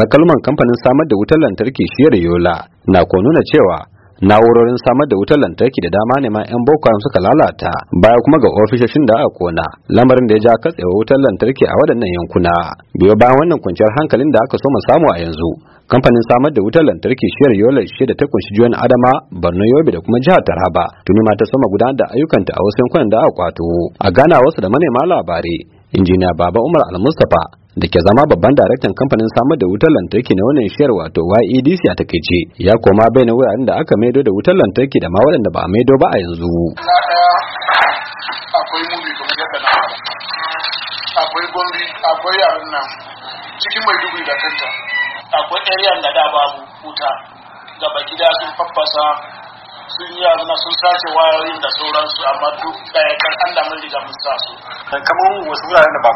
alkalman kamfanin samar da wutar lantarki shiyar yola na ko nuna cewa na'urorin samar da wutar lantarki da dama ne ma 'yan boko haram suka lalata baya kuma ga ofishoshin da aka kona lamarin da ya ja katsewa wutar lantarki a waɗannan yankuna biyo bayan wannan kwanciyar hankalin da aka so mu samu a yanzu kamfanin samar da wutar lantarki shiyar yola shi da ta kunshi juwan adama borno yobe da kuma jihar taraba tuni ma ta soma gudanar da ayyukanta a wasu yankunan da aka kwato a gana wasu da manema labarai injiniya baba umar al-mustapha da ke zama babban daraktan kamfanin samar da wutar lantarki na wannan shiyar wato YEDC a takaice ya koma bayyana wuraren da aka maido da wutar lantarki da ma waɗanda ba a maido ba a yanzu. akwai muni kamar yadda na akwai gombe akwai yaran nan cikin mai dubu da kanta akwai area da da babu wuta gaba gida sun faffasa sun yi na sun sace wayoyin da sauransu amma duk ɗaya kan an da mun riga mun sa su kamar wasu wuraren da ba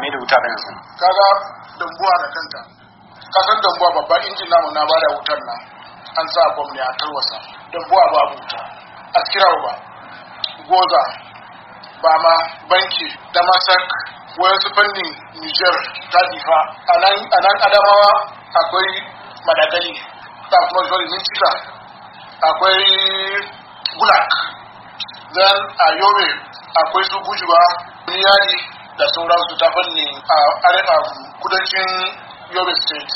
mai da wuta ba Ka ga dambuwa da kanta kasan dambuwa babban injin namu na bada wutar nan an sa bom ne a tarwasa dambuwa ba wuta a kirawa ba goza ba ma banki da masak su fannin niger ta difa a nan adamawa akwai madagali ta kuma zuwa cika akwai gulak zan a yobe akwai su gujuwa yari da sauransu ta fannin a arewa kudancin yobe state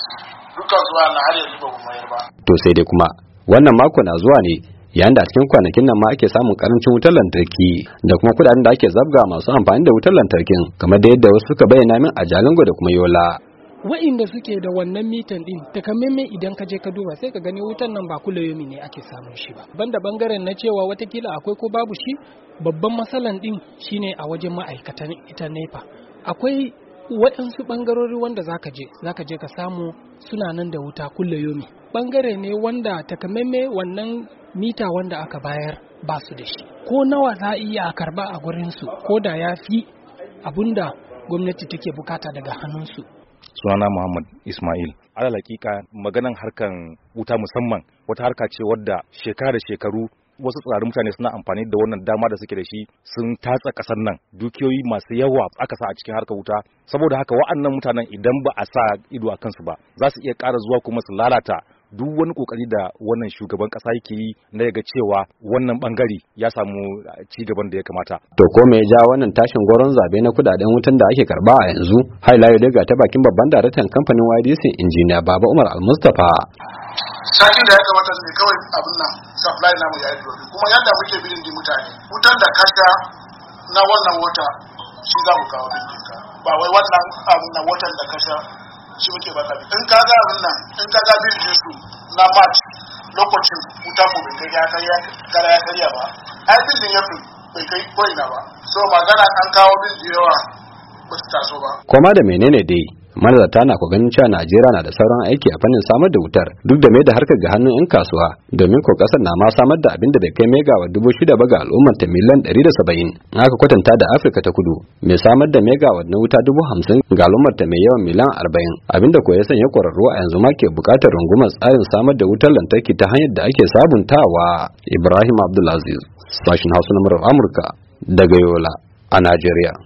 dukkan zuwa na har yanzu ba mayar ba to sai dai kuma wannan mako na zuwa ne yayin da cikin kwanakin nan ma ake samun karancin wutar lantarki da kuma kudaden da ake zabga masu amfani da wutar lantarkin kamar da yadda wasu suka bayyana min a jalingo da kuma yola wa'inda suke da wannan mitan din takamaimai idan ka je ka duba sai ka gani wutan nan ba kula yomi ne ake samun shi ba banda bangaren na cewa watakila akwai ko babu shi babban matsalan din shine a wajen ma'aikatan ita nepa akwai waɗansu ɓangarori wanda za ka je za ka je ka samu suna nan da wuta kulle yomi ɓangare ne wanda takamaimai wannan mita wanda aka bayar ba su da shi ko nawa za a iya karba a gurinsu ko da ya fi abinda gwamnati take bukata daga hannunsu sunana Muhammad Ismail. Ana hakika maganan harkan wuta musamman wata harka ce wadda shekara da shekaru wasu tsarin mutane suna amfani da wannan dama da suke da shi sun tatsa kasar nan dukiyoyi masu yawa aka sa a cikin harkar wuta saboda haka wa'annan mutanen idan ba a sa ido a kansu ba za su iya ƙara zuwa kuma su lalata duk wani kokari da wannan shugaban kasa yake yi na yaga cewa wannan bangare ya samu ci gaban da ya kamata to ko me ja wannan tashin goron zabe na kudaden wutan da ake karba a yanzu hailayo daga ta bakin babban daraktan kamfanin YDC injiniya Baba Umar Al-Mustafa satin da ya kamata ne kawai abin nan supply namu ya yi kuma yadda muke bilin di mutane wutan da kasa na wannan wata shi za mu kawo bilin ba wai wannan abin na watan da kasa. shi muke ba tafi in ka ga abin nan in kaga bin birjin su na mat lokacin wuta ko bai kai ya kara ya karya ba ai birjin ya fi bai kai ko'ina ba so magana an kawo bin yawa ba su taso ba. koma da menene dai Manazata na ku ganin cewa najeriya na da sauran aiki a fannin samar da wutar duk da mai da harkar ga hannun 'yan kasuwa domin ko kasar na ma samar da abin da bai kai megawa dubu shida ba ga al'ummar ta miliyan ɗari da saba'in aka kwatanta da afirka ta kudu mai samar da megawa na wuta dubu hamsin ga al'ummar ta mai yawan miliyan arba'in abin da ko ya sanya kwararru a yanzu ma ke buƙatar rungumar tsarin samar da wutar lantarki ta hanyar da ake sabuntawa ibrahim abdulaziz sashen hausa na murar amurka daga yola a najeriya